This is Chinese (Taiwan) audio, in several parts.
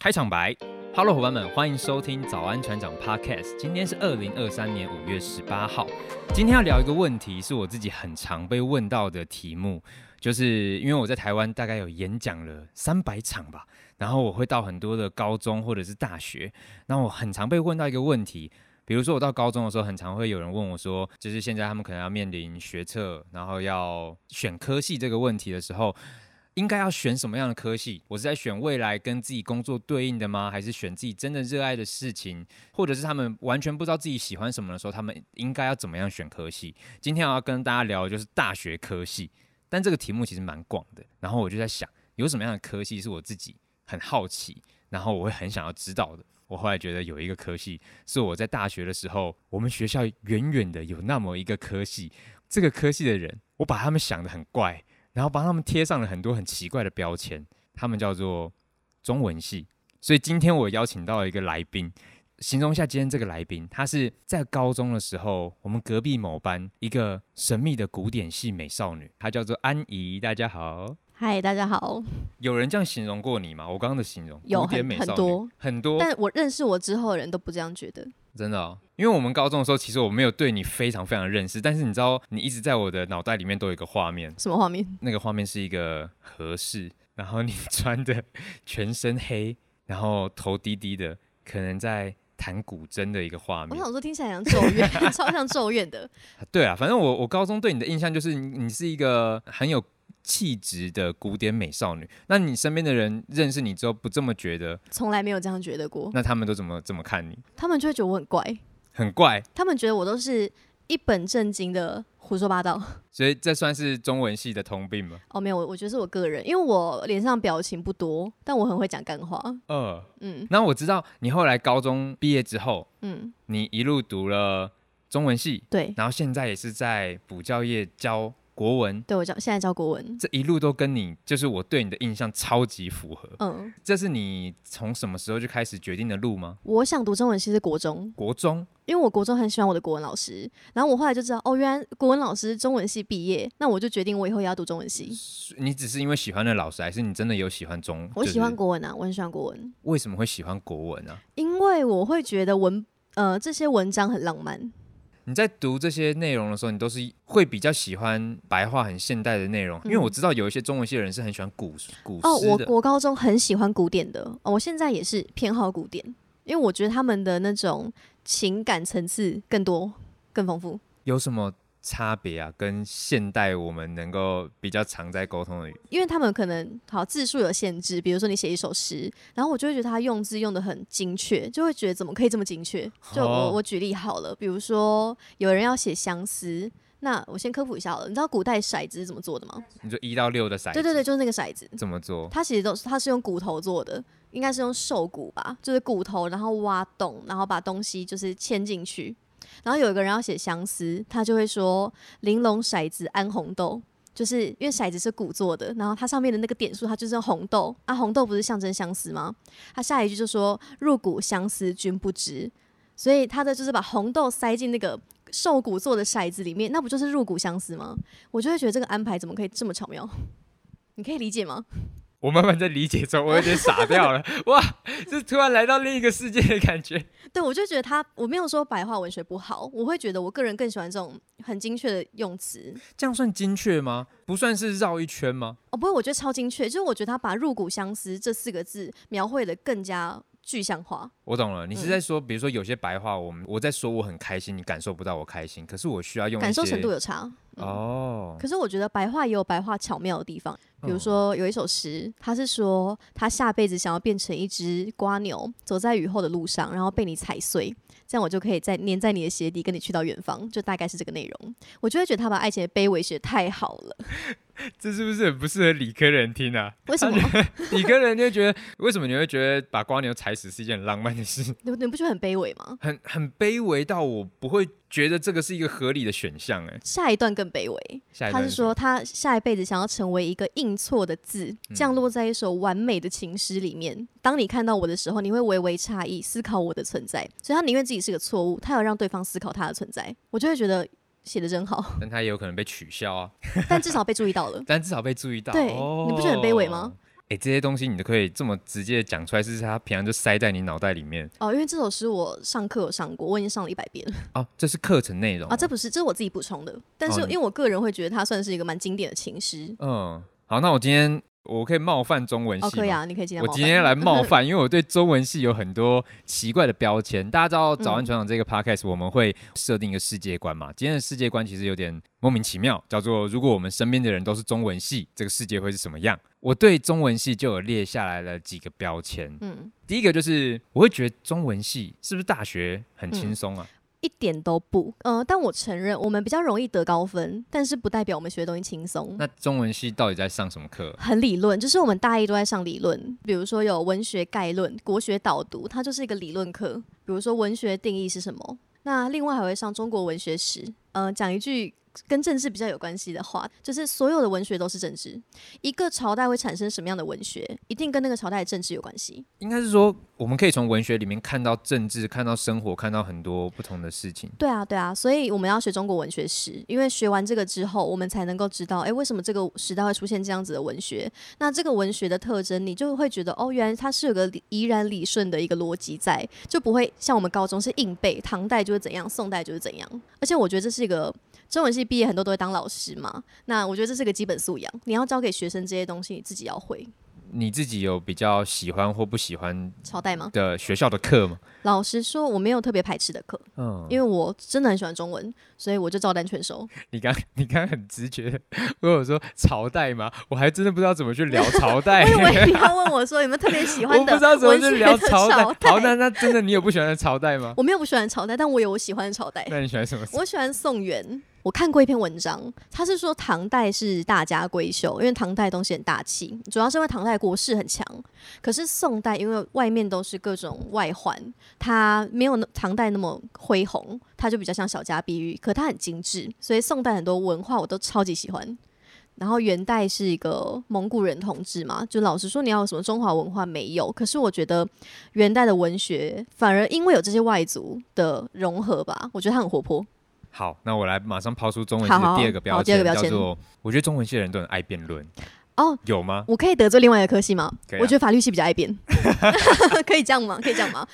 開場白，Hello，夥伴們，歡迎收聽早安船長 Podcast。今天是二零二三年五月十八號。今天要聊一個問題，是我自己很常被問到的題目，就是因為我在台灣大概有演講了三百場吧，然後我會到很多的高中或者是大學，那我很常被問到一個問題，比如說我到高中的時候，很常會有人問我說，就是現在他們可能要面臨學測，然後要選科系這個問題的時候。應該要選什麼樣的科系？我是在選未來跟自己工作對應的嗎？還是選自己真的熱愛的事情？或者是他們完全不知道自己喜歡什麼的時候，他們應該要怎麼樣選科系？今天我要跟大家聊的就是大學科系，但這個題目其實蠻廣的。然後我就在想，有什麼樣的科系是我自己很好奇，然後我會很想要知道的。我後來覺得有一個科系是我在大學的時候，我們學校遠遠的有那麼一個科系，這個科系的人，我把他們想得很怪。然後幫他們貼上了很多很奇怪的標籤，他們叫做中文系。所以今天我邀請到了一個來賓，形容一下今天這個來賓，她是在高中的時候，我們隔壁某班一個神秘的古典系美少女，她叫做安怡。大家好，嗨，大家好。有人這樣形容過你嗎？我剛剛的形容，古典美少女有很，很多，很多，但我認識我之後的人都不這樣覺得。真的哦，因為我們高中的時候，其實我沒有對你非常非常認識，但是你知道，你一直在我的腦袋裡面都有一個畫面，什麼畫面？那個畫面是一個和室，然後你穿的全身黑，然後頭低低的，可能在彈古箏的一個畫面。我想說，聽起來像咒怨， 超像咒怨的。 對啊，反正我我高中對你的印象就是，你是一個很有，氣質的古典美少女，那你身邊的人認識你之後不這麼覺得？從來沒有這樣覺得過。那他們都怎麼這麼看你？他們就會覺得我很怪，很怪。他們覺得我都是一本正經的胡說八道。所以這算是中文系的通病嗎？哦，沒有，我我覺得是我個人，因為我臉上表情不多，但我很會講幹話。嗯、呃、嗯。那我知道你後來高中畢業之後，嗯，你一路讀了中文系，對，然後現在也是在補教業教國文，對我叫，現在叫國文，這一路都跟你，就是我對你的印象超級符合。嗯，這是你從什麼時候就開始決定的路嗎？我想讀中文系，是國中，國中，因為我國中很喜歡我的國文老師，然後我後來就知道，哦，原來國文老師中文系畢業，那我就決定我以後也要讀中文系。你只是因為喜歡的老師，還是你真的有喜歡中文，就是？我喜歡國文啊，我很喜歡國文。為什麼會喜歡國文啊？因為我會覺得文，呃，這些文章很浪漫。你在讀這些內容的時候，你都是會比較喜歡白話很現代的內容？因為我知道有一些中文系的人是很喜歡古古的。哦，我國高中很喜歡古典的，我現在也是偏好古典，因為我覺得他們的那種情感層次更多、更豐富。有什麼？差別啊，跟現代我們能夠比較常在溝通的語言，因為他們可能好字數有限制，比如說你寫一首詩，然後我就會覺得他用字用得很精確，就會覺得怎麼可以這麼精確，哦？就我我舉例好了，比如說有人要寫相思，那我先科普一下好了，你知道古代骰子是怎麼做的嗎？你就一到六的骰子。對對對，就是那個骰子。怎麼做？它其實都是它是用骨頭做的，應該是用獸骨吧，就是骨頭，然後挖洞，然後把東西就是嵌進去。然後有一個人要寫相思，他就會說“玲瓏骰子安紅豆”，就是因為骰子是骨做的，然後它上面的那個點數它就是紅豆啊，紅豆不是象徵相思嗎？他下一句就說“入骨相思君不知”，所以他的就是把紅豆塞進那個獸骨做的骰子裡面，那不就是入骨相思嗎？我就會覺得這個安排怎麼可以這麼巧妙？你可以理解嗎？我慢慢在理解中，我有點傻掉了， 哇，這突然來到另一個世界的感覺。對，我就覺得他，我沒有說白話文學不好，我會覺得我個人更喜歡這種很精確的用詞。這樣算精確嗎？不算是繞一圈嗎？哦，不會，我覺得超精確，就是我覺得他把“入骨相思”這四個字描繪得更加具象化。我懂了，你是在說，比如說有些白話我，我、嗯、們我在說我很開心，你感受不到我開心，可是我需要用感受程度有差、嗯、哦。可是我覺得白話也有白話巧妙的地方，比如說有一首詩，他是說他下輩子想要變成一隻蝸牛，走在雨後的路上，然後被你踩碎，這樣我就可以再粘在你的鞋底，跟你去到遠方，就大概是這個內容。我就會覺得他把愛情的卑微寫得太好了。 這是不是很不適合理科人聽啊？為什麼 理科人就覺得為什麼你會覺得把蝸牛踩死是一件很浪漫？你是你你不覺得很卑微嗎？很很卑微到我不會覺得這個是一個合理的選項哎、欸。下一段更卑微，他是說他下一輩子想要成為一個印錯的字、嗯，降落在一首完美的情詩裡面。當你看到我的時候，你會微微詫異，思考我的存在。所以他寧願自己是個錯誤，他要讓對方思考他的存在。我就會覺得寫得真好。但他也有可能被取消啊。但至少被注意到了。 但至少被注意到。對、哦、你不是很卑微嗎？哎、欸，這些東西你都可以這麼直接講出來，是它平常就塞在你腦袋裡面哦？因為這首詩我上課有上過，我已經上了一百遍哦、啊。這是課程內容啊？這不是，這是我自己補充的。但是、哦、因為我個人會覺得它算是一個蠻經典的情詩。嗯，好，那我今天。嗯我可以冒犯中文系嗎？可以、okay、啊，你可以今天。我今天來冒犯，因為我對中文系有很多奇怪的標籤。 大家知道早安船長這個 podcast 我們會設定一個世界觀嘛、嗯？今天的世界觀其實有點莫名其妙，叫做如果我們身邊的人都是中文系，這個世界會是什麼樣？我對中文系就有列下來了幾個標籤。嗯、第一個就是我會覺得中文系是不是大學很輕鬆啊？嗯一點都不，嗯，但我承認我們比較容易得高分，但是不代表我們學的東西輕鬆。那中文系到底在上什麼課啊？很理論，就是我們大一都在上理論，比如說有文學概論、國學導讀，它就是一個理論課。比如說文學定義是什麼？那另外還會上中國文學史，呃、嗯，講一句。跟政治比較有關係的話，就是所有的文學都是政治。一個朝代會產生什麼樣的文學，一定跟那個朝代的政治有關係。應該是說，我們可以從文學裡面看到政治，看到生活，看到很多不同的事情。對啊，對啊。所以我們要學中國文學史，因為學完這個之後，我們才能夠知道，哎、欸，為什麼這個時代會出現這樣子的文學？那這個文學的特徵，你就會覺得，哦，原來它是有個依然理順的一個邏輯在，就不會像我們高中是硬背，唐代就是怎樣，宋代就是怎樣。而且我覺得這是一個。中文系畢業很多都會當老師嘛？那我覺得這是個基本素養，你要教給學生這些東西，你自己要會。你自己有比較喜歡或不喜歡朝代嗎？的學校的課嗎？老實說，我沒有特別排斥的課，嗯，因為我真的很喜歡中文，所以我就照單全收。你剛你剛很直覺，問我有說朝代嗎？我還真的不知道怎麼去聊朝代。 我以為你要問我說有沒有特別喜歡的朝代？我不知道怎麼去聊朝代。好，朝代那，那真的你有不喜歡的朝代嗎？ 我沒有不喜歡的朝代，但我有我喜歡的朝代。那你喜歡什麼？我喜歡宋元。我看過一篇文章，他是說唐代是大家閨秀，因為唐代東西很大氣，主要是因為唐代國勢很強。可是宋代因為外面都是各種外患，它沒有唐代那麼恢宏，它就比較像小家碧玉。可它很精緻，所以宋代很多文化我都超級喜歡。然後元代是一個蒙古人統治嘛，就老實說你要有什麼中華文化沒有。可是我覺得元代的文學反而因為有這些外族的融合吧，我覺得它很活潑。好，那我來馬上拋出中文系的第二個標籤，第二個標籤叫做，我覺得中文系的人都很愛辯論。哦、oh,，有嗎？我可以得罪另外一個科系嗎？啊、我覺得法律系比較愛辯。 可以這樣嗎？可以這樣嗎？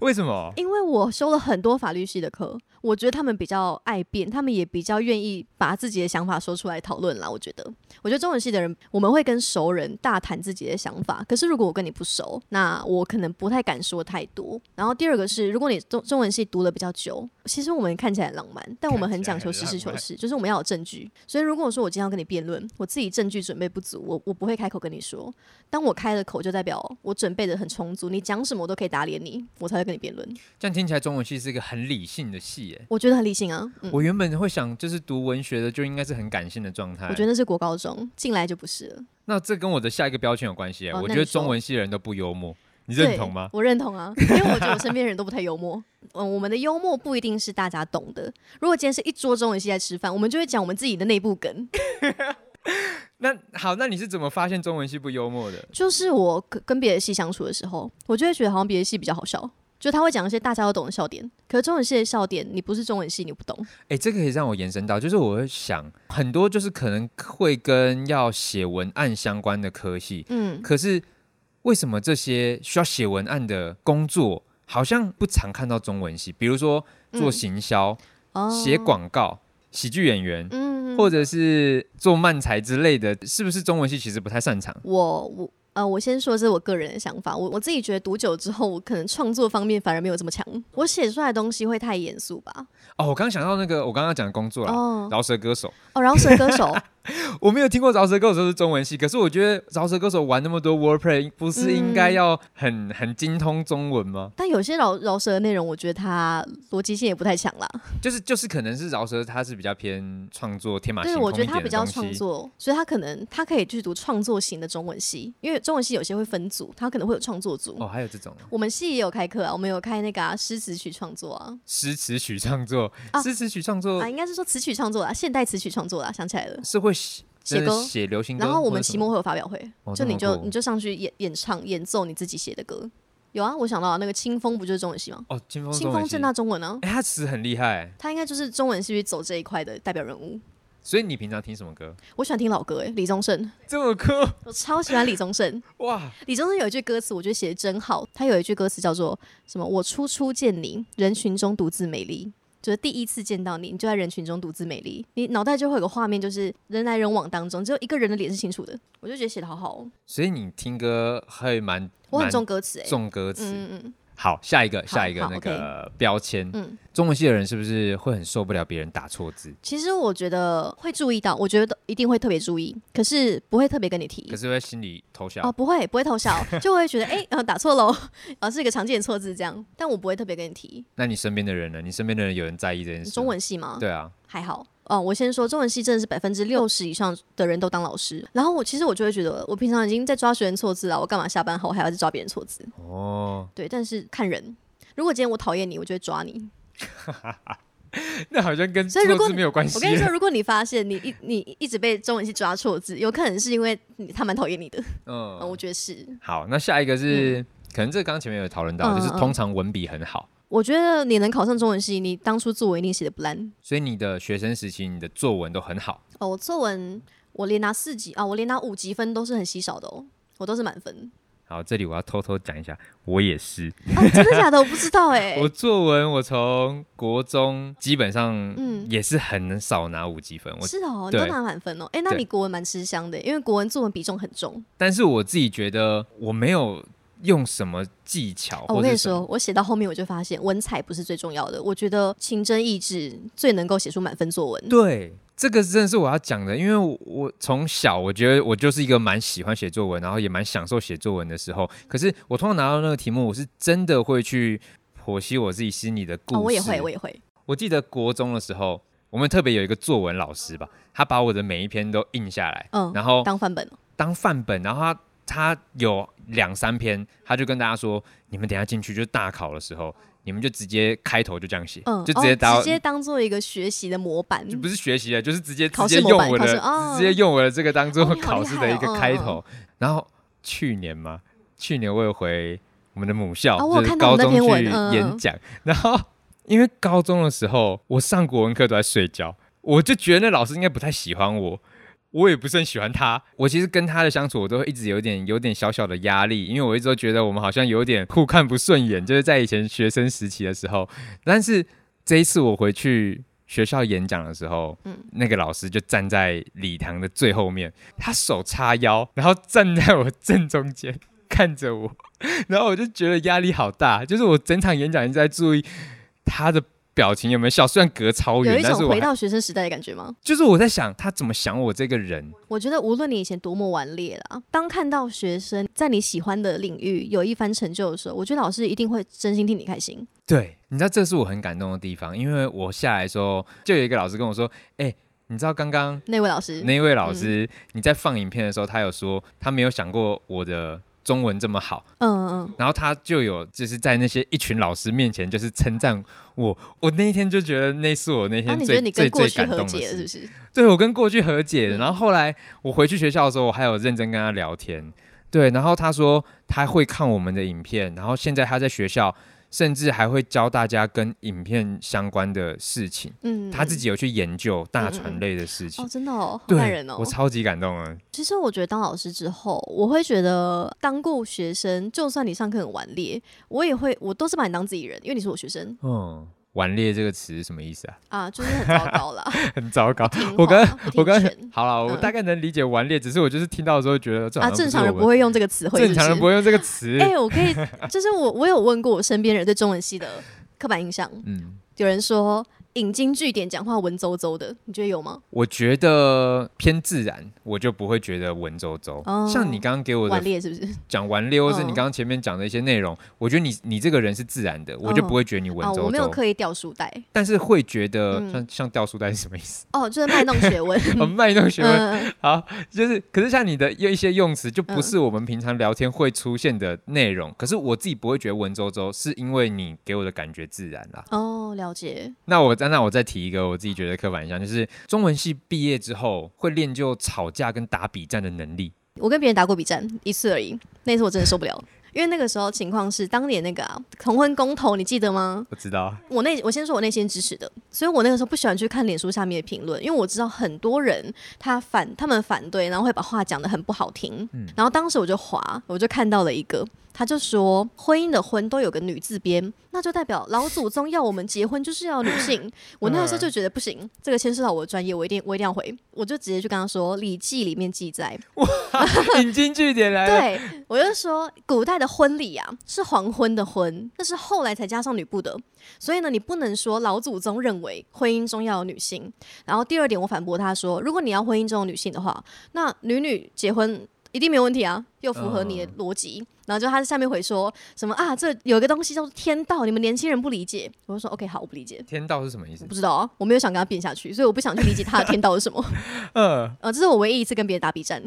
為什麼？因為我修了很多法律系的課，我覺得他們比較愛辯，他們也比較願意把自己的想法說出來討論啦。我覺得，我覺得中文系的人,我們會跟熟人大談自己的想法。可是如果我跟你不熟，那我可能不太敢說太多。然後第二個是，如果你中中文系讀了比較久，其實我們看起來很浪漫，但我們很講求實事求是，就是我們要有證據。所以如果我說我經常跟你辯論，我自己證據準備不足，我我不會開口跟你說。當我開了口，就代表我準備得很。重組，你講什麼我都可以打臉你，我才會跟你辯論。這樣聽起來中文系是一個很理性的系。哎，我覺得很理性啊。嗯、我原本會想，就是讀文學的就應該是很感性的狀態。我覺得那是國高中進來就不是了。那這跟我的下一個標籤有關係啊、欸哦。我覺得中文系的人都不幽默，你認同嗎？我認同啊，因為我覺得我身邊的人都不太幽默。 嗯，我們的幽默不一定是大家懂的。如果今天是一桌中文系在吃飯，我們就會講我們自己的內部梗。 那好，那你是怎麼發現中文系不幽默的？就是我跟別的系相處的時候，我就會覺得好像別的系比較好笑，就他會講一些大家都懂的笑點。可是中文系的笑點，你不是中文系，你不懂。哎、欸，這個可以讓我延伸到，就是我會想很多，就是可能會跟要寫文案相關的科系，嗯，可是為什麼這些需要寫文案的工作，好像不常看到中文系？比如說做行銷、寫、嗯、廣告、嗯、喜劇演員，嗯。或者是做漫才之類的，是不是中文系其實不太擅長？我我呃，我先說這是我個人的想法，我我自己覺得讀久之後，我可能創作方面反而沒有這麼強，我寫出來的東西會太嚴肅吧。哦，我剛剛想到那個我剛剛講的工作了，哦、饒舌歌手。哦，饒舌歌手。 我沒有聽過饒舌歌手說是中文系，可是我覺得饒舌歌手玩那麼多 wordplay，不是應該要很、嗯、很精通中文嗎？但有些饒饒舌的內容，我覺得他邏輯性也不太強啦。就是就是，可能是饒舌，他是比較偏創作，天馬行空的。對，我覺得他比較創作，所以他可能他可以就是讀創作型的中文系，因為中文系有些會分組，他可能會有創作組。哦，還有這種、啊，我們系也有開課啊，我們有開那個啊、詩詞曲創作啊，詩詞曲創作，詩詞曲創作啊，啊，應該是說詞曲創作啦，現代詞曲創作啦，想起來了，是會。寫歌，寫流行歌。然後我們期末會有發表會，哦、就你就你就上去演演唱演奏你自己寫的歌。有啊，我想到、啊、那個青峰不就是中文系嗎？哦，青峰青峰政大中文啊，哎、欸，他詞很厲害、欸，他應該就是中文系去走這一塊的代表人物。所以你平常聽什麼歌？我喜歡聽老歌、欸，哎，李宗盛。這個歌？我超喜歡李宗盛。 哇，李宗盛有一句歌詞我覺得寫的真好，他有一句歌詞叫做什麼？我初初見你，人群中獨自美麗。就是第一次見到你，你就在人群中獨自美麗，你腦袋就會有個畫面，就是人來人往當中，只有一個人的臉是清楚的，我就覺得寫的好好哦。所以你聽歌還蠻，我很重歌詞、欸，誒，重歌詞，嗯，嗯，嗯。好，下一個，下一個那個標籤、okay，嗯。中文系的人是不是會很受不了別人打錯字？其實我覺得會注意到，我覺得一定會特別注意，可是不會特別跟你提。可是會心裡偷笑哦，不會不會偷笑， 就會覺得哎、欸，呃，打錯嘍，呃、啊，是一個常見的錯字這樣。但我不會特別跟你提。那你身邊的人呢？你身邊的人有人在意這件事？中文系嗎？對啊，還好。哦，我先說中文系真的是百分之六十以上的人都當老師。嗯、然後我其實我就會覺得，我平常已經在抓學員錯字了，我幹嘛下班後還要去抓別人錯字？哦，對，但是看人，如果今天我討厭你，我就會抓你。哈哈哈，那好像跟這個字沒有關係。我跟你說，如果你發現你一你一直被中文系抓錯字，有可能是因為他蠻討厭你的嗯。嗯，我覺得是。好，那下一個是，嗯、可能這剛剛前面有討論到，就是通常文筆很好、嗯。我覺得你能考上中文系，你當初作文一定寫的不爛。所以你的學生時期你的作文都很好。哦，我作文我連拿四級啊、哦，我連拿五級分都是很稀少的哦，我都是滿分。好，這裡我要偷偷講一下，我也是、 啊。真的假的？我不知道哎、欸。 我作文，我從國中基本上，嗯，也是很少拿五級分。我是哦，你都拿滿分哦哎、欸，那你國文蠻吃香的，因為國文作文比重很重。但是我自己覺得我沒有用什麼技巧麼、啊。我跟你說，我寫到後面我就發現，文采不是最重要的。我覺得情真意摯最能夠寫出滿分作文。對。這個真的是我要講的，因為我從小我覺得我就是一個蠻喜歡寫作文，然後也蠻享受寫作文的時候。可是我通常拿到那個題目，我是真的會去剖析我自己心裡的故事。哦，我也會，我也會。我記得國中的時候，我們特別有一個作文老師吧，他把我的每一篇都印下來，嗯，然後當範本。當範本，然後他他有。兩三篇，他就跟大家說：“你們等一下進去就大考的時候，你們就直接開頭就這樣寫，嗯、就直接當、哦、直接當做一個學習的模板。就不是學習的，就是直接直接用我的、哦，直接用我的這個當做考試的一個開頭。哦哦哦、然後去年嘛，去年我有回我們的母校、哦，就是高中去演講。哦嗯、然後因為高中的時候，我上國文課都在睡覺，我就覺得那老師應該不太喜歡我。”我也不是很喜歡他，我其實跟他的相處，我都會一直有點有點小小的壓力，因為我一直都覺得我們好像有點互看不順眼，就是在以前學生時期的時候。但是這一次我回去學校演講的時候，嗯，那個老師就站在禮堂的最後面，他手叉腰，然後站在我正中間看着我，然後我就覺得壓力好大，就是我整場演講一直在注意他的。表情有沒有笑？雖然隔超遠，有一種回到學生時代的感覺嗎？就是我在想他怎麼想我這個人。我覺得無論你以前多麼頑劣啦，當看到學生在你喜歡的領域有一番成就的時候，我覺得老師一定會真心替你開心。對，你知道這是我很感動的地方，因為我下來的時候就有一個老師跟我說：“哎、欸，你知道剛剛那位老師，那位老師、嗯，你在放影片的時候，他有說他沒有想過我的。”中文這麼好，嗯嗯，然後他就有就是在那些一群老師面前，就是稱讚我。我那一天就覺得那是我那天最最最感動的是不是？對，我跟過去和解。然後後來我回去學校的時候，我還有認真跟他聊天。對，然後他說他會看我們的影片，然後現在他在學校。甚至還會教大家跟影片相關的事情。嗯，他自己有去研究大傳類的事情。嗯嗯、哦，真的哦，感人哦，對，我超級感動啊。其實我覺得當老師之後，我會覺得當過學生，就算你上課很頑劣，我也會，我都是把你當自己人，因為你是我學生。嗯、哦。頑劣這個詞什麼意思啊？啊，就是很糟糕啦。 很糟糕。我跟我跟好了，嗯，我大概能理解頑劣，只是我就是聽到的時候覺得，啊，正常人不會用這個詞，會，正常人不會用這個詞。哎，欸，我可以， 就是我我有問過我身邊人對中文系的刻板印象，嗯，有人說。引經據典講話文縐縐的，你覺得有嗎？我覺得偏自然，我就不會覺得文縐縐、哦。像你剛剛給我的，頑劣是不是？講頑劣，或、哦、是你剛剛前面講的一些內容，我覺得你你這個人是自然的，哦、我就不會覺得你文縐縐、哦。我沒有刻意掉書袋，但是會覺得、嗯、像像掉書袋是什麼意思？哦，就是賣弄學問。賣、 哦、賣弄學問、嗯，好，就是可是像你的用一些用詞，就不是我們平常聊天會出現的內容、嗯。可是我自己不會覺得文縐縐，是因為你給我的感覺自然了、啊。哦，了解。那我在。那我再提一個我自己覺得刻板印象，就是中文系畢業之後會練就吵架跟打筆戰的能力。我跟別人打過筆戰一次而已，那次我真的受不了， 因為那個時候情況是當年那個、啊、同婚公投，你記得嗎？我知道。我那我先說我內心支持的，所以我那個時候不喜歡去看臉書下面的評論，因為我知道很多人他反他們反對，然後會把話講得很不好聽。嗯。然後當時我就滑，我就看到了一個。他就說：“婚姻的婚都有個女字邊，那就代表老祖宗要我們結婚就是要女性。 ”我那個時候就覺得不行，這個牽涉到我的專業，我一定我一定要回。我就直接去跟他說，《禮記》裡面記載，哇 引經據典來。對我就說，古代的婚禮啊是黃昏的昏，但是後來才加上女部的。所以呢，你不能說老祖宗認為婚姻中要有女性。然後第二點，我反駁他說：“如果你要婚姻中的女性的話，那女女結婚一定沒有問題啊，又符合你的邏輯。Oh. ”然後就他在下面回說什麼啊？這有一個東西叫做天道，你們年輕人不理解。我就說 OK，好，我不理解。天道是什麼意思？不知道、啊、我沒有想跟他辯下去，所以我不想去理解他的天道是什麼。嗯 呃，這是我唯一一次跟別人打筆戰。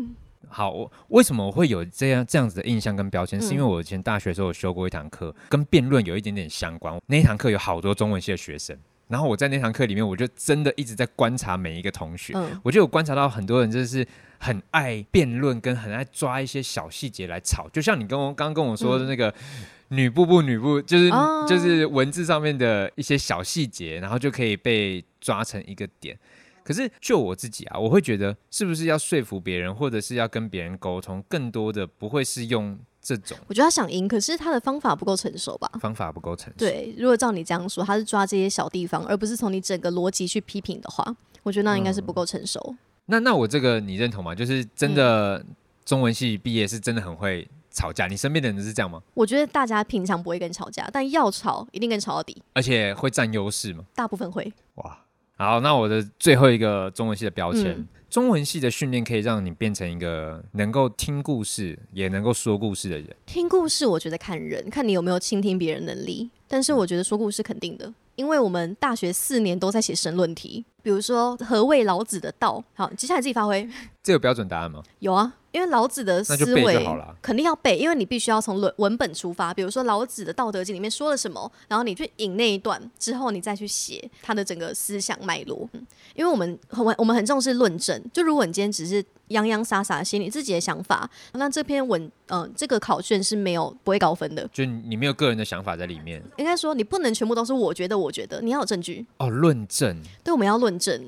好，我為什麼我會有這樣這樣子的印象跟標籤？是因為我以前大學的時候修過一堂課、嗯，跟辯論有一點點相關。那一堂課有好多中文系的學生。然後我在那堂課裡面，我就真的一直在觀察每一個同學、嗯。我就有觀察到很多人就是很愛辯論，跟很愛抓一些小細節來吵。就像你跟我剛剛跟我說的那個“嗯、女步步女步”，就是、嗯、就是文字上面的一些小細節，然後就可以被抓成一個點。可是就我自己啊，我會覺得是不是要說服別人，或者是要跟別人溝通，更多的不會是用。這種，我覺得他想贏，可是他的方法不夠成熟吧？方法不夠成熟。對，如果照你這樣說，他是抓這些小地方，而不是從你整個邏輯去批評的話，我覺得那應該是不夠成熟。嗯、那那我這個你認同嗎？就是真的中文系畢業是真的很會吵架，嗯、你身邊的人是這樣嗎？我覺得大家平常不會跟你吵架，但要吵一定跟你吵到底，而且會佔優勢嗎？大部分會。哇，好，那我的最後一個中文系的標籤。嗯中文系的訓練可以讓你變成一個能夠聽故事也能夠說故事的人。聽故事，我覺得看人，看你有沒有傾聽別人的能力。但是我覺得說故事肯定的，因為我們大學四年都在寫申論題，比如說何謂老子的道。好，接下來自己發揮。這有標準答案嗎？有啊。因為老子的思維肯定要背，就背就因為你必須要從文文本出發。比如說老子的《道德經》裡面說了什麼，然後你去引那一段，之後你再去寫他的整個思想脈絡。嗯，因為我們很我們很重視論證。就如果你今天只是洋洋灑灑寫你自己的想法，那這篇文嗯、呃，這個考卷是沒有不會高分的。就你沒有個人的想法在裡面。應該說你不能全部都是我覺得，我覺得你要有證據。哦，論證。對，我們要論證。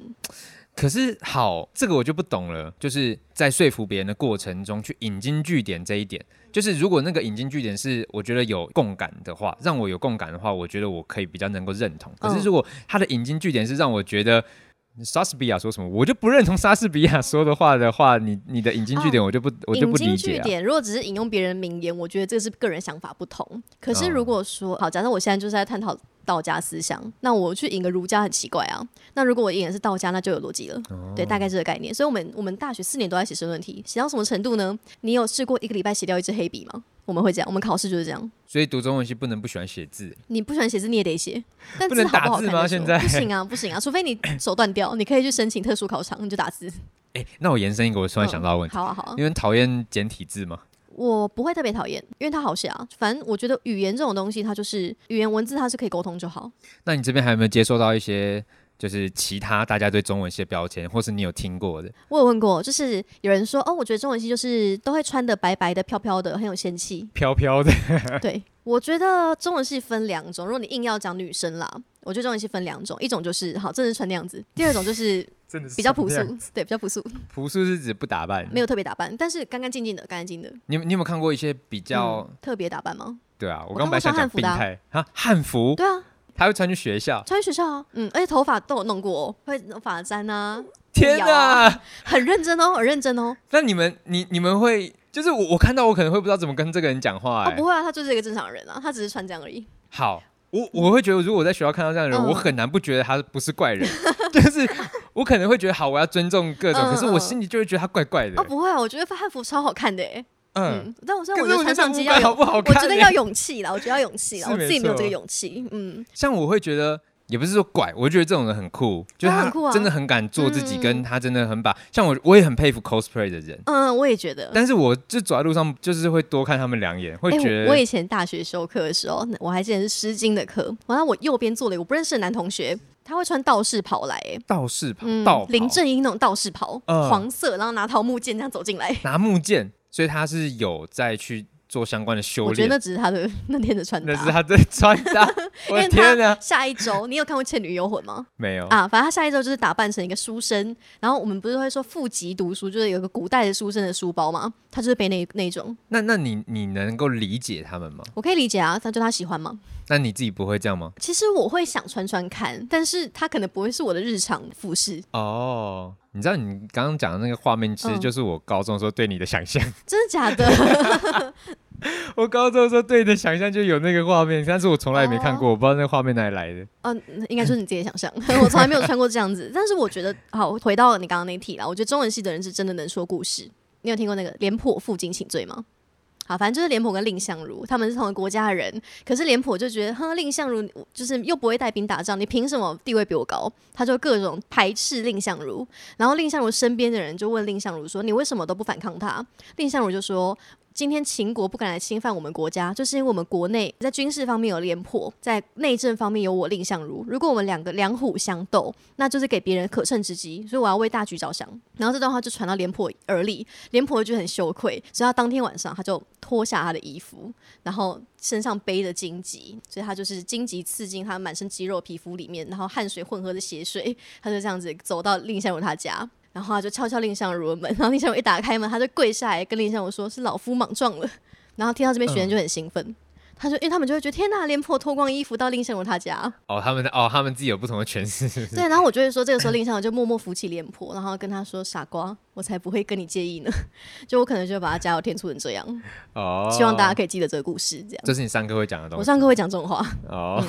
可是好，這個我就不懂了。就是在說服別人的過程中，去引經據典這一點，就是如果那個引經據典是我覺得有共感的話，讓我有共感的話，我覺得我可以比較能夠認同。可是如果他的引經據典是讓我覺得莎士比亞說什麼，我就不認同莎士比亞說的話的話，你你的引經據典我就不、哦、我就不理解、啊。引經據典，如果只是引用別人的名言，我覺得這是個人想法不同。可是如果說、哦、好，假設我現在就是在探討。道家思想，那我去引個儒家很奇怪啊。那如果我引的是道家，那就有邏輯了、哦。對，大概這個概念。所以，我們我們大學四年都在寫申論題，寫到什麼程度呢？你有試過一個禮拜寫掉一支黑筆嗎？我們會這樣，我們考試就是這樣。所以讀中文系不能不喜歡寫字。你不喜歡寫字，你也得寫。不能打字嗎？現在不行啊，不行啊，除非你手斷掉， 你可以去申請特殊考場，你就打字。哎、欸，那我延伸一個，我突然想到的問題、嗯，好啊好啊，因為討厭簡體字嗎？我不會特別討厭，因為它好笑啊。反正我覺得語言這種東西，它就是語言文字，它是可以溝通就好。那你這邊還有沒有接受到一些，就是其他大家對中文系的標籤，或是你有聽過的？我有問過，就是有人說哦，我覺得中文系就是都會穿得白白的、飄飄的，很有仙氣。飄飄的。對，我覺得中文系分兩種。如果你硬要講女生啦，我覺得中文系分兩種，一種就是好，真的是穿那樣子，第二種就是。 比較樸素，對，比較樸素。樸素是指不打扮，沒有特別打扮，但是乾乾淨淨的，乾乾淨的。你你有沒有看過一些比較、嗯、特別打扮嗎？對啊，我剛剛在想漢服的剛剛剛漢服對啊，他會穿去學校，穿去學校啊，嗯，而且頭髮都有弄過哦，會髮簪啊。天啊，很認真哦，很認真哦。 那你們，你你們會，就是我我看到我可能會不知道怎麼跟這個人講話。哦，不會啊，他就是一個正常人啊，他只是穿這樣而已。好，我我會覺得如果我在學校看到這樣的人，嗯、我很難不覺得他不是怪人， 就是。 我可能會覺得好，我要尊重各種，嗯、可是我心裡就會覺得他怪怪的、欸。哦，不會啊，我覺得漢服超好看的、欸嗯，嗯。但我現在我有穿上衣，好不好看？我覺得要勇氣啦， 啦，我覺得要勇氣啦，我自己沒有這個勇氣。嗯，像我會覺得，也不是說怪，我覺得這種人很酷，就是、啊、很酷啊，真的很敢做自己，跟他真的很把、嗯。像我，我也很佩服 cosplay 的人。嗯，我也覺得。但是我就走在路上，就是會多看他們兩眼，會覺得、欸我。我以前大學修課的時候，我還記得是詩的課《詩經》的課，完了我右邊坐了一個不認識的男同學。他會穿道士袍來，欸，道士袍，嗯，道袍，林正英那種道士袍，呃，黃色，然後拿桃木劍這樣走進來，拿木劍，所以他是有在去。做相關的修煉，我覺得那只是他的那天的穿搭，那是他的穿搭。 因為他的下一周你有看過《倩女幽魂》嗎？沒有啊，反正他下一周就是打扮成一個書生。然後我們不是會說負笈讀書，就是有個古代的書生的書包嘛？他就是背那那種。那那你你能夠理解他們嗎？我可以理解啊，但就他喜歡嗎？那你自己不會這樣嗎？其實我會想穿穿看，但是他可能不會是我的日常服飾。哦，你知道你剛剛講的那個畫面，其實就是我高中的時候對你的想象。嗯， 真的假的？ 我高中時候對的想象就有那個畫面，但是我從來沒看過，oh. 我不知道那個畫面哪裡來的。嗯、uh,，應該說你自己想象 我從來沒有穿過這樣子，但是我覺得好，回到了你剛剛那題了。我覺得中文系的人是真的能說故事。你有聽過那個廉頗負荊請罪嗎？好，反正就是廉頗跟藺相如，他們是同一個國家的人，可是廉頗就覺得，哼，藺相如就是又不會帶兵打仗，你憑什麼地位比我高？他就各種排斥藺相如。然後藺相如身邊的人就問藺相如說：“你為什麼都不反抗他？”藺相如就說。今天秦國不敢來侵犯我們國家，就是因為我們國內在軍事方面有廉頗，在內政方面有我藺相如。如果我們兩個兩虎相鬥，那就是給別人可乘之機，所以我要為大局着想。然後這段話就傳到廉頗耳裡，廉頗就很羞愧，所以當天晚上他就脫下他的衣服，然後身上背着荊棘，所以他就是荊棘刺進他、他滿身肌肉皮膚裡面，然後汗水混合着血水，他就這樣子走到藺相如他家。然後他就敲敲藺相如的門，然後藺相如一打開門，他就跪下來跟藺相如說：“是老夫莽撞了。”然後聽到這邊學生就很興奮、嗯，他說：“因為他們就會覺得天哪，廉頗脫光衣服到藺相如他家。”哦，他們哦，他們自己有不同的詮釋。對，然後我就會說，這個時候藺相如就默默扶起廉頗， 然後跟他說：“傻瓜，我才不會跟你介意呢。就我可能就把他加油添出成這樣。”哦，希望大家可以記得這個故事，這樣。這是你上課會講的東西。我上課會講這種話。哦，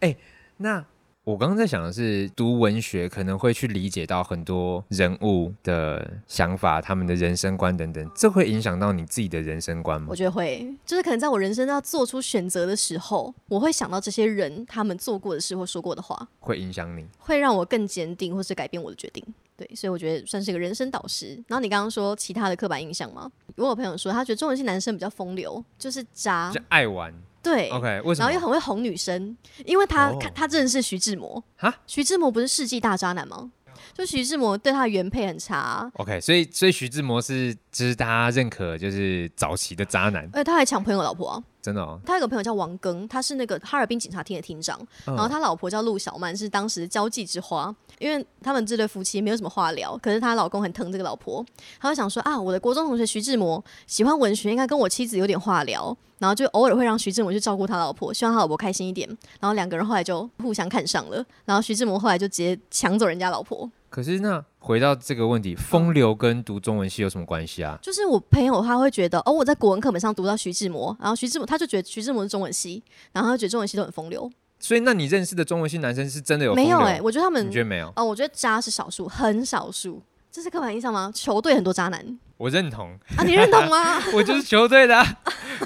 哎、嗯 欸，那。我剛剛在想的是，讀文學可能會去理解到很多人物的想法、他們的人生觀等等，這會影響到你自己的人生觀嗎？我覺得會，就是可能在我人生要做出選擇的時候，我會想到這些人他們做過的事或說過的話，會影響你，會讓我更堅定，或是改變我的決定。對，所以我覺得算是一個人生導師。然後你剛剛說其他的刻板印象嗎？如果我朋友說他覺得中文系男生比較風流，就是渣，就愛玩。對，OK，然後又很會哄女生，因為他、oh. 他認識徐志摩，徐志摩不是世紀大渣男嗎？就徐志摩對他的原配很差，OK，所以所以徐志摩是就是大家認可就是早期的渣男，哎，他還搶朋友老婆啊。真的哦，他有個朋友叫王庚，他是那個哈爾濱警察廳的廳長，哦，然後他老婆叫陸小曼，是當時交際之花，因為他們這對夫妻沒有什麼話聊，可是他老公很疼這個老婆，他就想說啊，我的國中同學徐志摩喜歡文學，應該跟我妻子有點話聊，然後就偶爾會讓徐志摩去照顧他老婆，希望他老婆開心一點，然後兩個人後來就互相看上了，然後徐志摩後來就直接搶走人家老婆。可是那回到這個問題，風流跟讀中文系有什麼關係啊？就是我朋友他會覺得，哦，我在國文課本上讀到徐志摩，然後徐志摩他就覺得徐志摩是中文系，然後他就覺得中文系都很風流。所以那你認識的中文系男生是真的有？沒有哎、欸，我覺得他們我覺得沒有哦。我覺得渣是少數，很少數，這是刻板印象嗎？球隊很多渣男，我認同啊，你認同嗎？ 我就是球隊的、啊，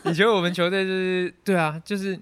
你覺得我們球隊就是對啊，就是。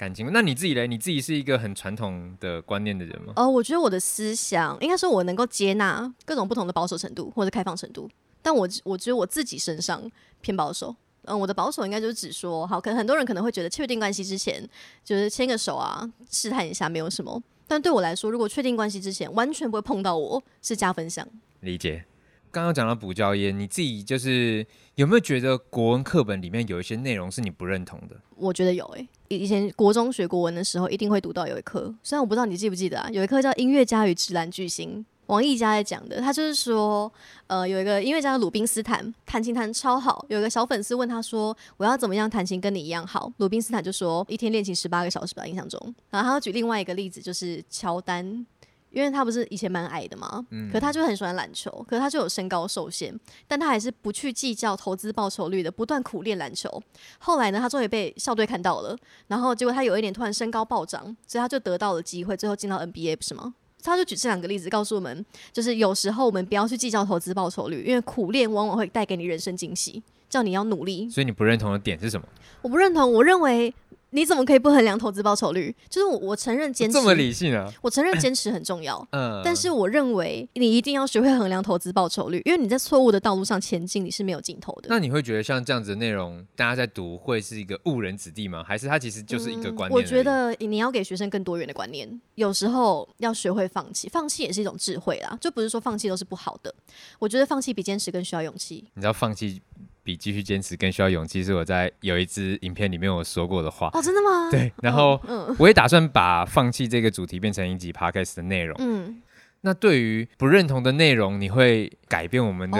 感情？那你自己嘞？你自己是一個很傳統的觀念的人嗎？哦，我覺得我的思想應該說，我能夠接納各種不同的保守程度或者開放程度。但我我覺得我自己身上偏保守。嗯，我的保守應該就是只說，好，可能很多人可能會覺得確定關係之前就是牽個手啊，試探一下，沒有什麼。但對我來說，如果確定關係之前完全不會碰到，我是加分項。理解。剛剛講到補教業，你自己就是有沒有覺得國文課本裡面有一些內容是你不認同的？我覺得有、欸，哎。以前國中學國文的時候，一定會讀到有一課，雖然我不知道你記不記得啊，有一課叫《音樂家與直男巨星職籃巨星》，王溢嘉在講的，他就是說，呃，有一個音樂家叫魯賓斯坦，彈琴彈超好，有一個小粉絲問他說，我要怎麼樣彈琴跟你一樣好？魯賓斯坦就說，一天練琴十八個小時吧，印象中。然後他舉另外一個例子，就是喬丹。因為他不是以前蠻矮的嘛，嗯、可他就很喜歡籃球，可是他就有身高受限，但他還是不去計較投資報酬率的，不斷苦練籃球。後來呢，他終於被校隊看到了，然後結果他有一點突然身高暴漲，所以他就得到了機會，最後進到 NBA 不是嗎？所以他就舉這兩個例子告訴我們，就是有時候我們不要去計較投資報酬率，因為苦練往往會帶給你人生驚喜，叫你要努力。所以你不認同的點是什麼？我不認同，我認為。你怎麼可以不衡量投資報酬率？就是我，我承認堅持這麼理性啊！我承認堅持很重要， 嗯，但是我認為你一定要學會衡量投資報酬率，因為你在錯誤的道路上前進，你是沒有盡頭的。那你會覺得像這樣子的內容，大家在讀會是一個誤人子弟嗎？還是它其實就是一個觀念？嗯，我覺得你要給學生更多元的觀念，有時候要學會放棄，放棄也是一種智慧啦，就不是說放棄都是不好的。我覺得放棄比堅持更需要勇氣。你知道放棄。比繼續堅持更需要勇氣，是我在有一支影片裡面我說過的話。哦，真的嗎？對，然後、嗯嗯、我也打算把放棄這個主題變成一集 podcast 的內容。嗯，那對於不認同的內容，你會改變我們的？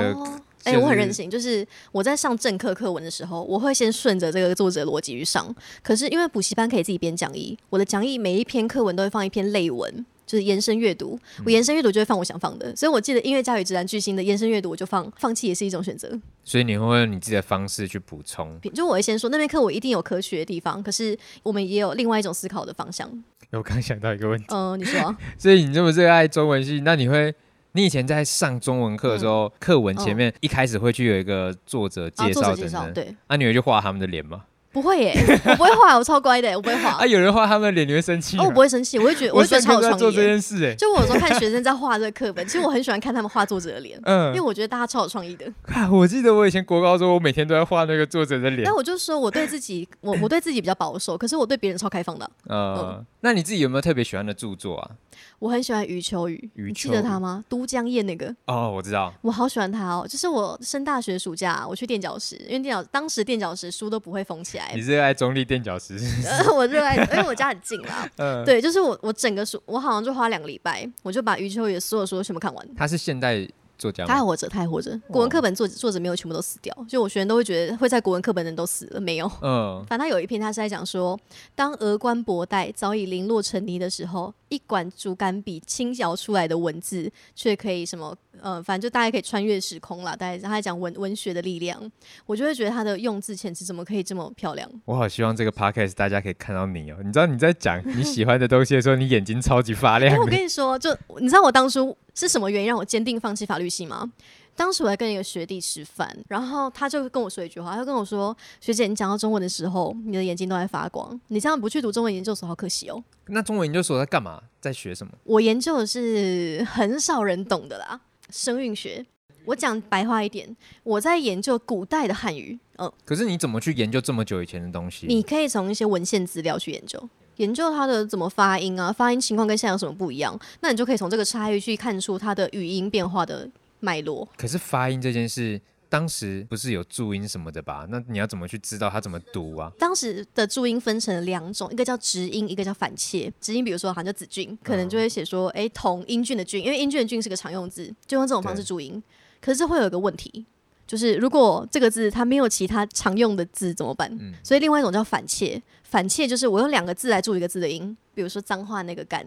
哎、哦，就是欸，我很任性，就是我在上正課課文的時候，我會先順着這個作者邏輯去上。可是因為補習班可以自己編講義，我的講義每一篇課文都會放一篇類文。就是延伸閱讀，我延伸閱讀就會放我想放的，嗯、所以我記得《音樂家與職籃巨星》的延伸閱讀，我就放，放棄也是一種選擇。所以你會用你自己的方式去補充、嗯。就我會先說，那門課我一定有可取的地方，可是我們也有另外一種思考的方向。嗯、我剛想到一個問題。嗯，你說、啊。 所以你這麼熱愛中文系，那你會，你以前在上中文課的時候，課、嗯、文前面、哦、一開始會去有一個作者介紹、啊，對，那、啊、你會去畫他們的臉嗎？不會耶、欸，我不會畫， 我超乖的、欸，我不會畫。啊，有人畫他們的臉，你會生氣？哦，我不會生氣，我會覺得，我會覺得超有創意、欸。做這件事、欸，就我有時候看學生在畫這個課本， 其實我很喜歡看他們畫作者的臉，嗯，因為我覺得大家超有創意的、啊。我記得我以前國高中，我每天都在畫那個作者的臉。那我就說我對自己，我我對自己比較保守， 可是我對別人超開放的。呃、嗯。那你自己有沒有特別喜歡的著作啊？我很喜歡余秋雨，秋雨你記得他嗎？《都江堰》那個哦。我知道，我好喜歡他哦。就是我升大學暑假啊，我去墊腳石，因為墊腳當時墊腳石書都不會封起來，你熱愛中立墊腳石， 我熱愛，因為我家很近啦。嗯 對，就是我，我整個書，我好像就花兩個禮拜，我就把余秋雨的所有書全部看完。他是現代。他還活着，他還活着。國文課本作者作者沒有全部都死掉，就我學生都會覺得會在國文課本的人都死了沒有。嗯，反正他有一篇，他是在講說，當峨冠博帶早已零落成泥的時候，一管竹竿筆輕搖出來的文字，卻可以什麼？嗯、呃，反正就大家可以穿越時空了。大家他在講文文學的力量，我就會覺得他的用字遣詞怎麼可以這麼漂亮。我好希望這個 podcast 大家可以看到你哦、喔。你知道你在講你喜歡的東西的時候， 你眼睛超級發亮、欸。我跟你說，就你知道我當初。是什麼原因讓我堅定放棄法律系嗎？當時我還跟一個學弟吃飯，然後他就跟我說一句話，他就跟我說：“學姐，你講到中文的時候，你的眼睛都在發光。你這樣不去讀中文研究所，好可惜哦。”那中文研究所在幹嘛？在學什麼？我研究的是很少人懂的啦，聲韻學。我講白話一點，我在研究古代的漢語。嗯，可是你怎麼去研究這麼久以前的東西？你可以從一些文獻資料去研究。研究它的怎麼發音啊，發音情況跟現在有什麼不一樣？那你就可以從這個差異去看出它的語音變化的脈絡。可是發音這件事，當時不是有注音什麼的吧？那你要怎麼去知道它怎麼讀啊？當時的注音分成兩種，一個叫直音，一個叫反切。直音比如說好像叫子俊，可能就會寫說，誒、嗯欸、同英俊的俊，因為英俊的俊是個常用字，就用這種方式注音。可是這會有一個問題。就是如果這個字它沒有其他常用的字怎麼辦？嗯，所以另外一種叫反切，反切就是我用兩個字來注一個字的音。比如說髒話那個“幹”，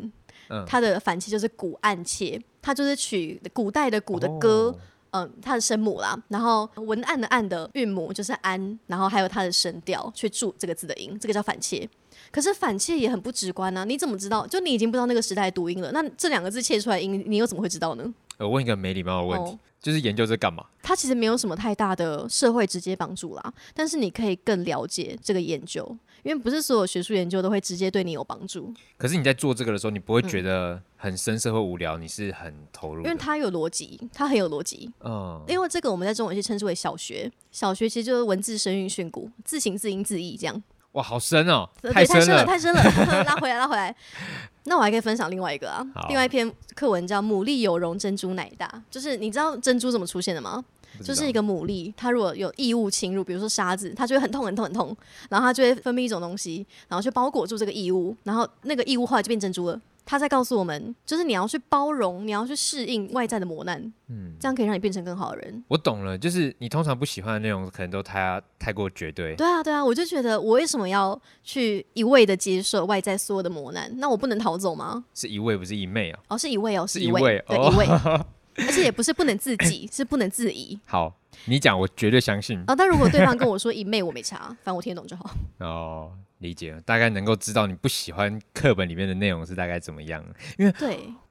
它的反切就是“古暗切”，它就是取古代的“古”的“歌”，嗯，它的聲母啦，然後“文案”的“案”的韻母就是“安”，然後還有它的聲調去注這個字的音，這個叫反切。可是反切也很不直觀呢、啊，你怎麼知道？就你已經不知道那個時代讀音了，那這兩個字切出來的音，你又怎麼會知道呢？哦、我問一個沒禮貌的問題，哦、就是研究這幹嘛？它其實沒有什麼太大的社會直接幫助啦，但是你可以更了解這個研究，因為不是所有學術研究都會直接對你有幫助。可是你在做這個的時候，你不會覺得很生澀或無聊、嗯，你是很投入。因為它有邏輯，它很有邏輯。嗯、哦，因為這個我們在中文系稱之為小學，小學其實就是文字聲韻訓詁、字形、字音、字義這樣。哇，好深哦，太深了，太深了，深了 拉回來，拉回來。那我還可以分享另外一個啊，另外一篇課文叫《牡蠣有容珍珠乃大》，就是你知道珍珠怎麼出現的嗎？就是一個牡蠣，它如果有異物侵入，比如說沙子，它就會很痛很痛很痛，然後它就會分泌一種東西，然後去包裹住這個異物，然後那個異物後來就變珍珠了。他在告訴我們，就是你要去包容，你要去適應外在的磨難，嗯，這樣可以讓你變成更好的人。我懂了，就是你通常不喜歡的內容，可能都太太過絕對。對啊，對啊，我就覺得我為什麼要去一味地接受外在所有的磨難？那我不能逃走嗎？是一味，不是一昧啊。哦，是一味哦，是一味、對、哦，一味， 而且也不是不能自己，是不能自已。好，你講我絕對相信。哦，但如果對方跟我說一昧 我沒查，反正我聽得懂就好。哦。理解了，大概能夠知道你不喜歡課本裡面的內容是大概怎麼樣。因為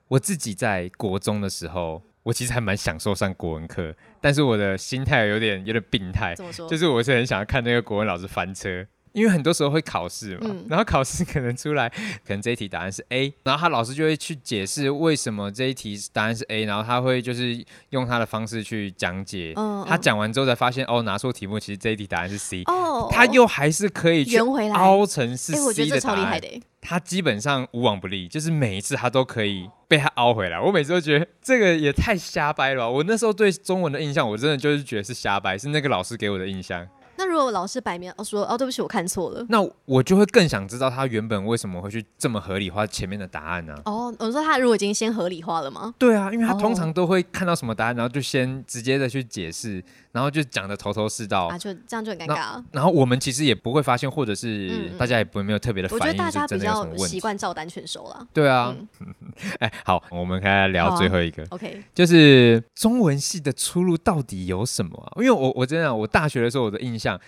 我自己在國中的時候，我其實還蠻享受上國文課，但是我的心態有點有點病態。怎麼說？就是我是很想要看那個國文老師翻車。因為很多時候會考試嘛，嗯，然後考試可能出來，可能這一題答案是 A，然後他老師就會去解釋為什麼這一題答案是 A，然後他會就是用他的方式去講解。嗯嗯、他講完之後才發現，哦，拿錯題目，其實這一題答案是 C，哦。他又還是可以去圓回來，凹成是 C 的答案。欸，他基本上無往不利，就是每一次他都可以被他凹回來。我每次都覺得這個也太瞎掰了吧，啊！我那時候對中文的印象，我真的就是覺得是瞎掰，是那個老師給我的印象。那如果我老師擺明說哦，對不起，我看錯了，那我就會更想知道他原本為什麼會去這麼合理化前面的答案呢、啊？哦、oh,，我說他如果已經先合理化了嗎？對啊，因為他通常都會看到什麼答案，oh. 然後就先直接的去解釋。然後就講得頭頭是道啊，就這樣就很尷尬、啊然。然後我們其實也不會發現，或者是嗯嗯大家也不會沒有特別的反應。我覺得大家比較習慣照單全收了。對啊，嗯、 哎，好，我們來聊最後一個。Oh, OK，就是中文系的出路到底有什麼、啊？因為我我真的、啊、我大學的時候我的印象。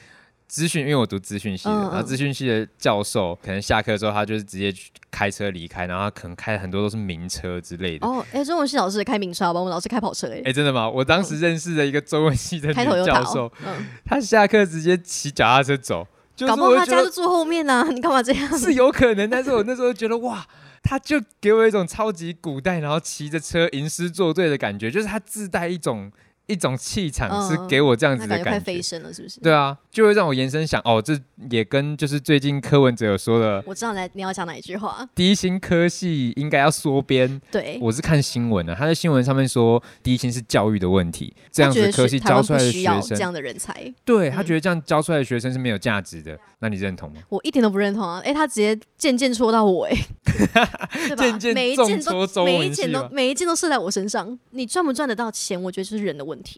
資訊，因為我讀資訊系的，嗯嗯，然後資訊系的教授可能下課之後，他就是直接開車離開，然後他可能開很多都是名車之類的。哦，哎、欸，中文系老師開名車，我們老師開跑車嘞、欸。哎、欸，真的嗎？我當時認識的一個中文系的教授，嗯哦嗯、他下課直接騎腳踏車走，就是、搞不好他家就坐後面呢、啊，你幹嘛這樣？是有可能，但是我那時候覺得哇，他就給我一種超級古代，然後騎着車吟詩作對的感覺，就是他自帶一種。一種氣場是給我這樣子的感覺，呃、感覺太飛升了是不是？對啊，就會讓我延伸想哦，這也跟就是最近柯文哲有說的、嗯，我知道來你要講哪一句話，低薪科系應該要縮編。對，我是看新聞的、啊，他在新聞上面說，低薪是教育的問題，這樣子科系教出來的學生，是需要這樣的人才，對，他覺得這樣教出來的學生是沒有價值的、嗯。那你認同嗎？我一點都不認同啊！哎、欸，他直接漸漸戳，戳到我哎、欸， 對吧，漸漸吧？每一件都，每一件都，每一件都射在我身上。 你賺不賺得到錢，我覺得就是人的問題。問題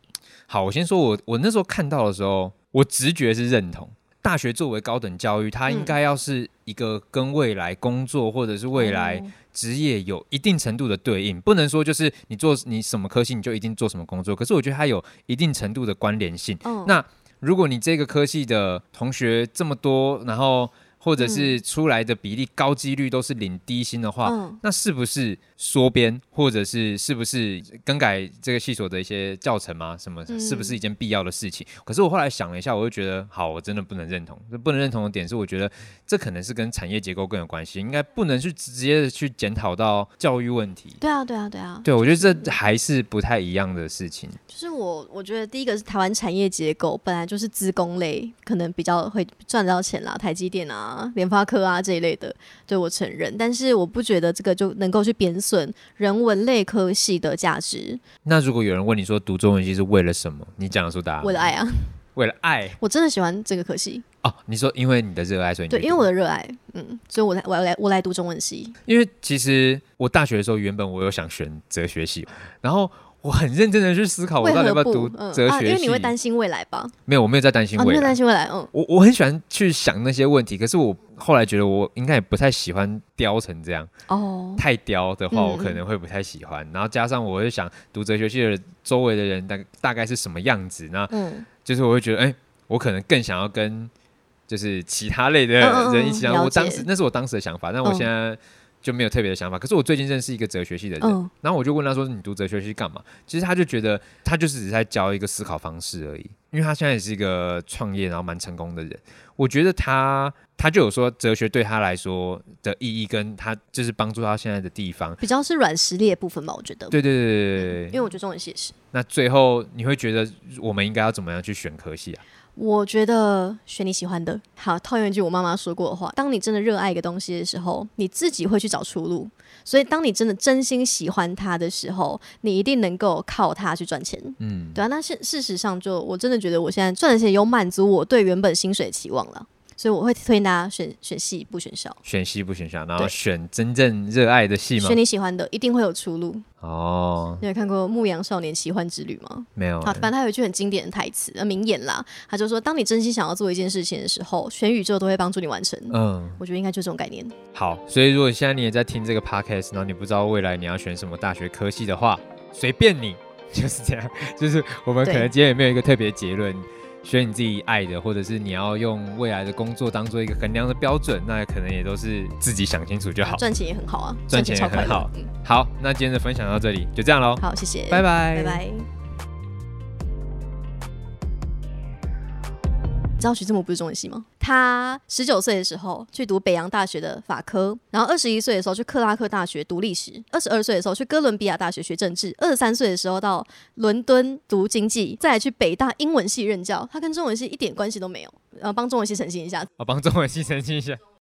好，我先說我，我我那時候看到的時候，我直覺是認同。大學作為高等教育，它應該要是一個跟未來工作或者是未來職業有一定程度的對應。嗯，不能說就是你做你什麼科系你就一定做什麼工作。可是我覺得它有一定程度的關聯性。嗯。那如果你這個科系的同學這麼多，然後。或者是出來的比例高幾率都是領低薪的話，嗯、那是不是縮編或者是是不是更改這個系所的一些教程嗎？什麼是不是一件必要的事情？嗯、可是我後來想了一下，我就覺得好，我真的不能認同。這不能認同的點是，我覺得這可能是跟產業結構更有關係，應該不能去直接的去檢討到教育問題。對啊，對啊，對啊。對、就是，我覺得這還是不太一樣的事情。就是我我覺得第一個是台灣產業結構本來就是資工類，可能比較會賺到錢啦，台積電啊。啊，聯發科啊這一類的，對我承認，但是我不覺得這個就能夠去貶損人文類科系的價值。那如果有人問你說讀中文系是為了什麼，你講得出答案？為了愛啊，為了愛，我真的喜歡這個科系哦。你說因為你的熱愛，所以對，因為我的熱愛，嗯，所以我來，我來，我來讀中文系。因為其實我大學的時候，原本我有想選哲學系，然後。我很認真的去思考，我到底要不要讀哲學系、嗯啊？因為你會擔心未來吧？沒有，我沒有在擔心未來。我、哦、沒有擔心未來。嗯，我我很喜歡去想那些問題，可是我後來覺得我應該也不太喜歡雕成這樣。哦，太雕的話，我可能會不太喜歡。嗯、然後加上我會想讀哲學系的周圍的人大大概是什麼樣子，那就是我會覺得，哎、欸，我可能更想要跟就是其他類的人一起嗯嗯。我當時那是我當時的想法，但我現在、嗯。就沒有特別的想法，可是我最近認識一個哲學系的人，哦、然後我就問他說：“你讀哲學系幹嘛？”其實他就覺得他就是只是在教一個思考方式而已，因為他現在也是一個創業然後蠻成功的人。我覺得他他就有說哲學對他來說的意義跟他就是幫助他現在的地方，比較是軟實力的部分吧。我覺得，對對對對對，對、嗯，因為我覺得中文系也是。那最後你會覺得我們應該要怎麼樣去選科系啊？我覺得選你喜歡的，好，套用一句我媽媽說過的話，當你真的熱愛一個東西的時候，你自己會去找出路。所以，當你真的真心喜歡它的時候，你一定能夠靠它去賺錢。嗯，對啊。那現事實上就，就我真的覺得，我現在賺的錢有滿足我對原本薪水期望了。所以我會推薦大家選選系不選校。選系不選校，然後選真正熱愛的系嘛，選你喜歡的，一定會有出路。哦，你有看過《牧羊少年奇幻之旅》嗎？沒有。好、啊，反正他有一句很經典的台詞，呃，名言啦，他就說：“當你真心想要做一件事情的時候，全宇宙都會幫助你完成。”嗯，我覺得應該就是這種概念。好，所以如果現在你也在聽這個 podcast，然後你不知道未來你要選什麼大學科系的話，隨便你，就是這樣，就是我們可能今天也沒有一個特別結論。選你自己愛的，或者是你要用未來的工作當做一個衡量的標準，那也可能也都是自己想清楚就好。啊，賺錢也很好啊，賺錢也很好。好，那今天的分享到這裡，就這樣嘍。好，謝謝，拜拜，拜拜。你知道徐志摩不是中文系嗎？他十九歲的時候去讀北洋大學的法科，然後二十一歲的時候去克拉克大學讀歷史，二十二歲的時候去哥倫比亞大學學政治，二十三歲的時候到倫敦讀經濟，再來去北大英文系任教。他跟中文系一點關係都沒有。呃，幫中文系澄清一下，好，幫中文系澄清一下。